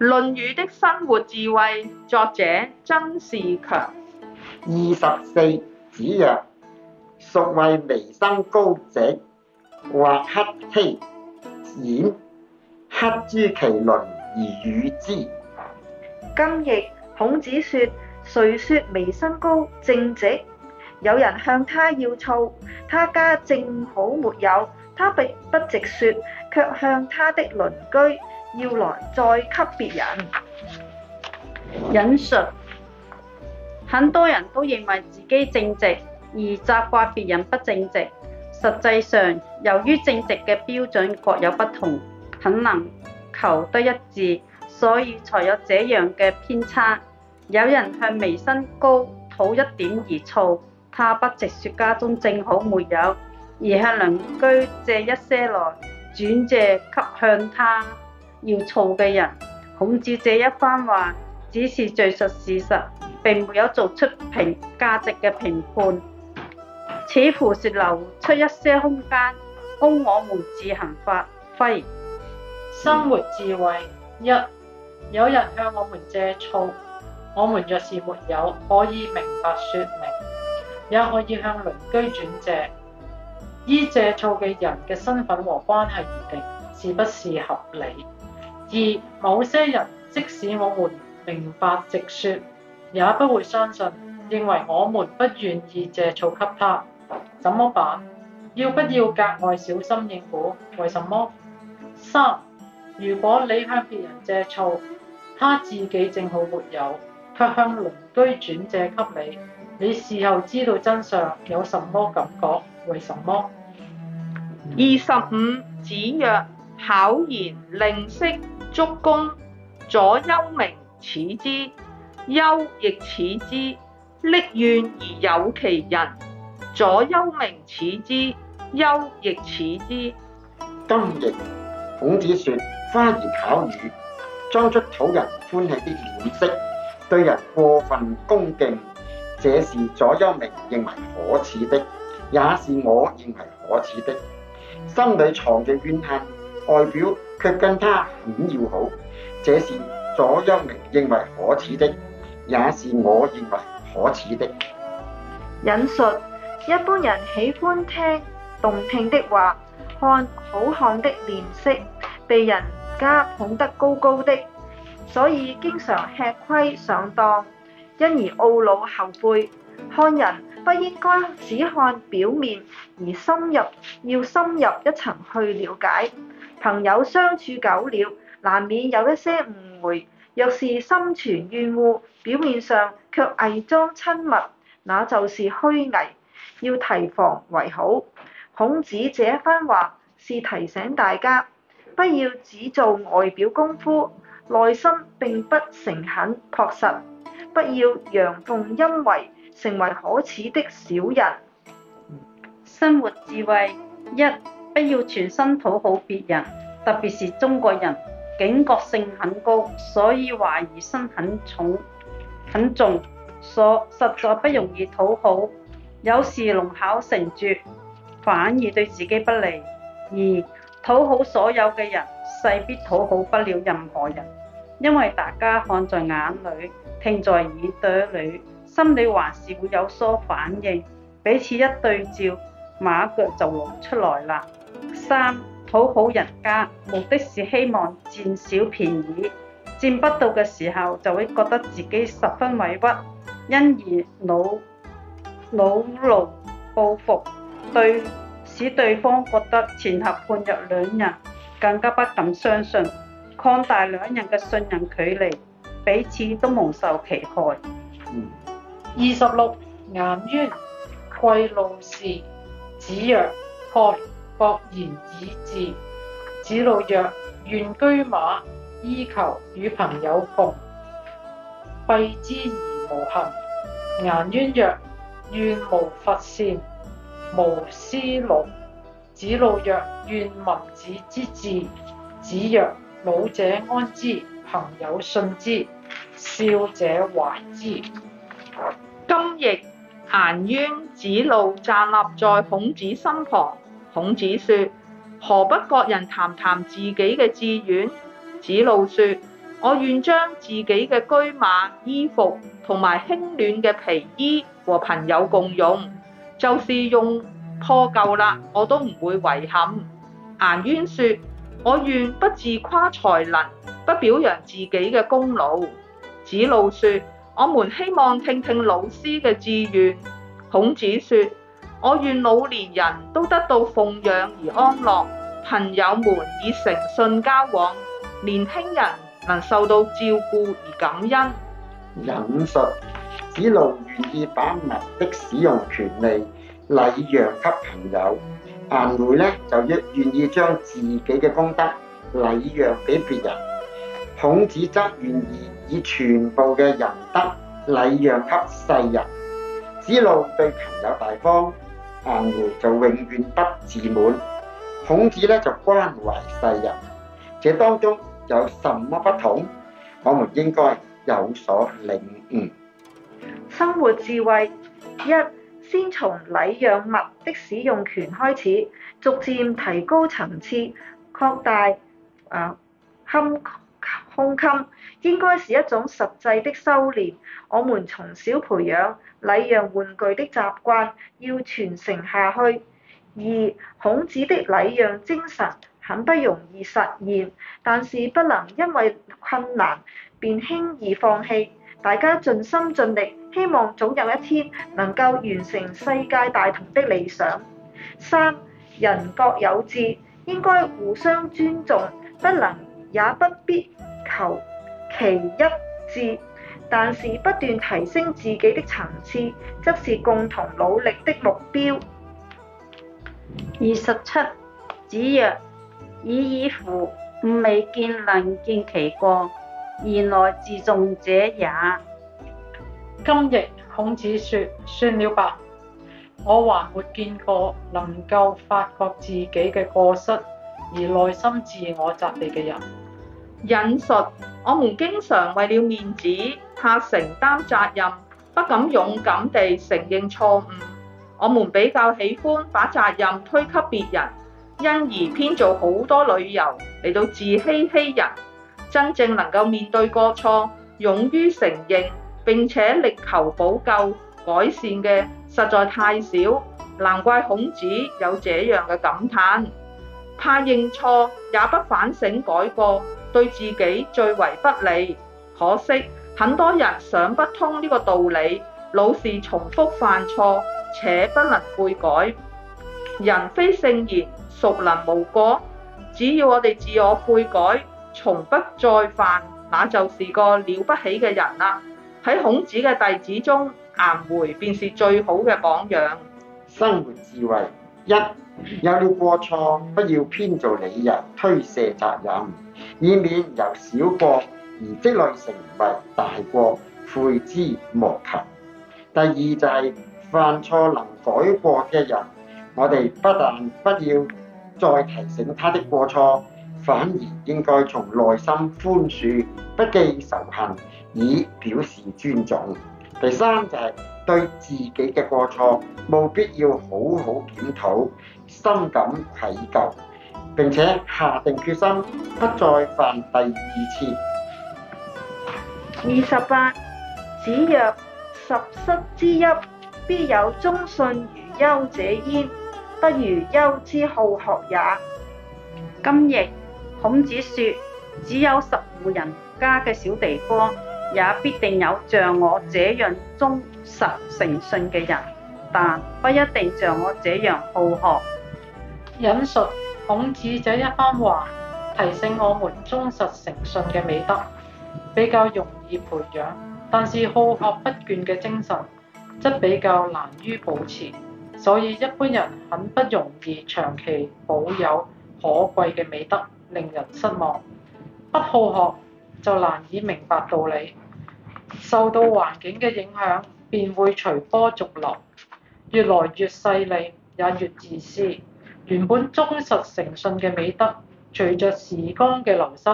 《論語》的生活智慧，作者曾仕強。二十四子曰：孰謂微生高者，或乞醯焉，乞諸其鄰而與之。今譯孔子說：誰說微生高正直？有人向他要醋，他家正好沒有，他並不直說，卻向他的鄰居要來再給別人引述，很多人都認為自己正直，而責怪別人不正直。實際上，由於正直嘅標準各有不同，很難求得一致，所以才有這樣嘅偏差。有人向微生高討一點兒醋，他不直説家中正好沒有，而向鄰居借一些來轉借給向他。要醋嘅人，孔子這一番話只是敘述事實，並沒有做出評價值嘅評判，似乎是留出一些空間供我們自行發揮。生活智慧一，有人向我們借醋，我們若是沒有，可以明白說明，也可以向鄰居轉借。依借醋嘅人嘅身份和關係而定，是不是合理？二，某些人即使我們明白直說，也不會相信，認為我們不願意借醋給他，怎麼辦？要不要格外小心應付？為什麼？三，如果你向別人借醋，他自己正好沒有，卻向鄰居轉借給你，你事後知道真相，有什麼感覺？為什麼？二十五，子曰：巧言令色。足恭，左丘明恥之，丘亦恥之，匿怨而友其人。左丘明恥之，丘亦恥之。今亦孔子說，花言巧語，裝出討人歡喜的臉色，對人過分恭敬，這是左丘明認為可恥的，也是我認為可恥的。心裏藏著怨恨。外表卻跟他很要好，這是左丘明認為可恥的，也是我認為可恥的。引述：一般人喜歡聽動聽的話，看好看的臉色，被人家捧得高高的，所以經常吃虧上當，因而懊惱後悔。看人不應該只看表面，而深入，要深入一層去了解。朋友相處久了，難免有一些誤會。若是心存怨惡，表面上卻偽裝親密，那就是虛偽，要提防為好。孔子這番話是提醒大家，不要只做外表功夫，內心並不誠懇、樸實，不要陽奉陰違，成為可恥的小人。生活智慧一。不要全身討好別人，特別是中國人警覺性很高，所以懷疑心很重、很重，所以實在不容易討好。有時弄巧成拙，反而對自己不利。而討好所有嘅人，勢必討好不了任何人，因為大家看在眼裏，聽在耳朵裏，心裏還是會有所反應，彼此一對照，馬腳就露出來啦。三討好人家，目的是希望佔小便宜，佔不到嘅時候就會覺得自己十分委屈，因而惱惱怒報復，對使對方覺得前後判若兩人，更加不敢相信，擴大兩人嘅信任距離，彼此都蒙受其害、嗯。二十六顏淵季路侍子曰：盍。博言以志，子路曰：願車馬衣裘與朋友共，敝之而無憾。」顏淵曰：願無伐善，無施勞。子路曰：願聞子之志。子曰：老者安之，朋友信之，少者懷之。今亦顏淵、子路站立在孔子身旁。孔子說：何不各人談談自己嘅志願？子路說：我願將自己嘅車馬、衣服同埋輕暖嘅皮衣和朋友共用，就是用破舊啦，我都唔會遺憾。顏淵說：我願不自誇才能，不表揚自己嘅功勞。子路說：我們希望聽聽老師嘅志願。孔子說。我願老年人都得到奉養而安樂，朋友們以誠信交往，年輕人能受到照顧而感恩。引述子路願意把物的使用權利禮讓給朋友，顏回呢就願願意將自己嘅功德禮讓俾別人，孔子則願意以全部嘅仁德禮讓給世人。子路對朋友大方。顏回就永遠不自滿，孔子咧就關懷世人，這當中有什麼不同？我們應該有所領悟。生活智慧一，先從禮讓物的使用權開始，逐漸提高層次，擴大啊，冚。胸襟應該是一種實際的修煉，我們從小培養禮讓玩具的習慣，要傳承下去。二、孔子的禮讓精神很不容易實現，但是不能因為困難便輕易放棄，大家盡心盡力，希望總有一天能夠完成世界大同的理想。三、人各有志，應該互相尊重，不能也不必。求其一致，但是不斷提升自己的層次，則是共同努力的目標。二十七，子曰：已矣乎！吾未見能見其過而內自訟者也。今日孔子說：「算了吧，我還沒見過能夠發覺自己嘅過失而內心自我責備嘅人。引述：我們經常為了面子怕承擔責任，不敢勇敢地承認錯誤。我們比較喜歡把責任推給別人，因而編造好多理由嚟到自欺欺人。真正能夠面對過錯、勇於承認並且力求補救改善嘅，實在太少。難怪孔子有這樣嘅感嘆：怕認錯也不反省改過。對自己最為不利，可惜很多人想不通呢個道理，老是重複犯錯，且不能悔改。人非聖賢，孰能無過？只要我哋自我悔改，從不再犯，那就是個了不起嘅人啦，啊。喺孔子嘅弟子中，顏回便是最好嘅榜樣。生活智慧一，有了過錯，不要編造理由推卸責任。以免由小過而積累成為大過，悔之莫及。第二就係犯錯能改過嘅人，我哋不但不要再提醒他的過錯，反而應該從內心寬恕，不記仇恨，以表示尊重。第三就係對自己嘅過錯，務必要好好檢討，深感愧疚。並且下定決心，不再犯第二次。二十八，子曰：十室之邑，必有忠信如丘者焉，不如丘之好學也。今譯孔子說，只有十戶人家嘅小地方，也必定有像我這樣忠實誠信嘅人，但不一定像我這樣好學。引述。孔子這一番話提醒我們忠實誠信嘅美德比較容易培養，但是好學不倦嘅精神則比較難於保持，所以一般人很不容易長期保有可貴嘅美德，令人失望。不好學就難以明白道理，受到環境嘅影響，便會隨波逐流，越來越勢利，也越自私。原本忠實誠信嘅美德，隨着時光嘅流失，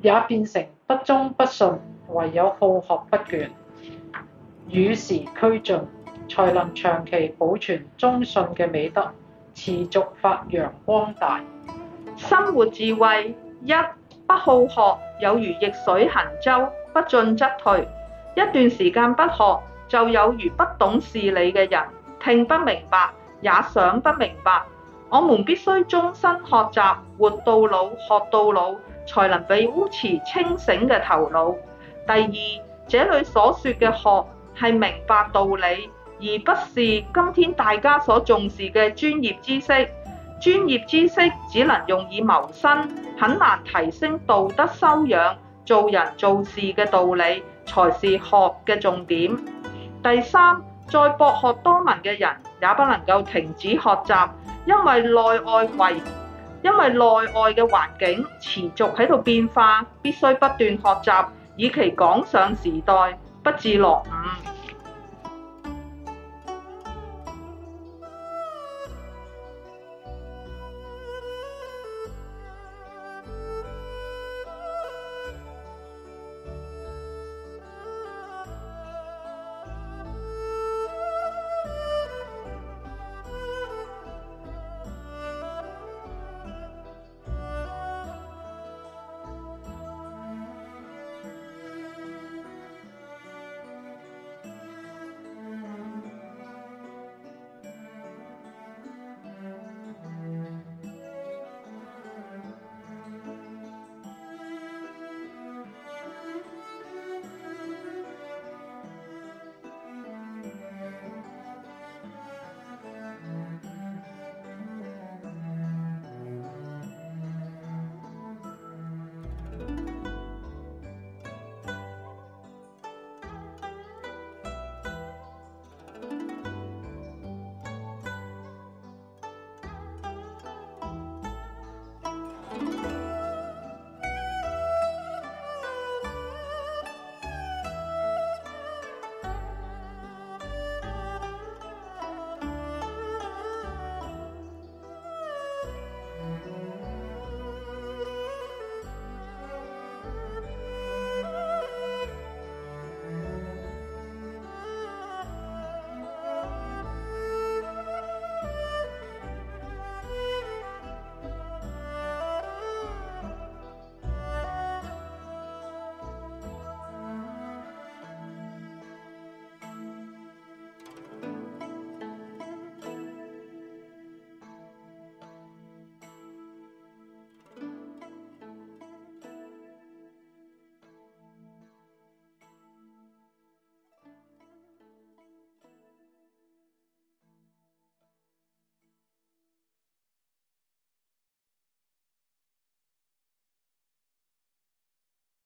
也變成不忠不信。唯有好學不倦，與時俱進，才能長期保存忠信嘅美德，持續發揚光大。生活智慧一：不好學，有如逆水行舟，不進則退。一段時間不學，就有如不懂事理嘅人，聽不明白。也想不明白，我們必須終身學習，活到老學到老，才能被保持清醒嘅頭腦。第二，這裡所說嘅學係明白道理，而不是今天大家所重視嘅專業知識，專業知識只能用以謀生，很難提升道德修養，做人做事嘅道理，才是學嘅重點。第三，再博學多聞嘅人。也不能夠停止學習，因為內外環，因為內外嘅環境持續喺度變化，必須不斷學習，以期趕上時代，不致落伍。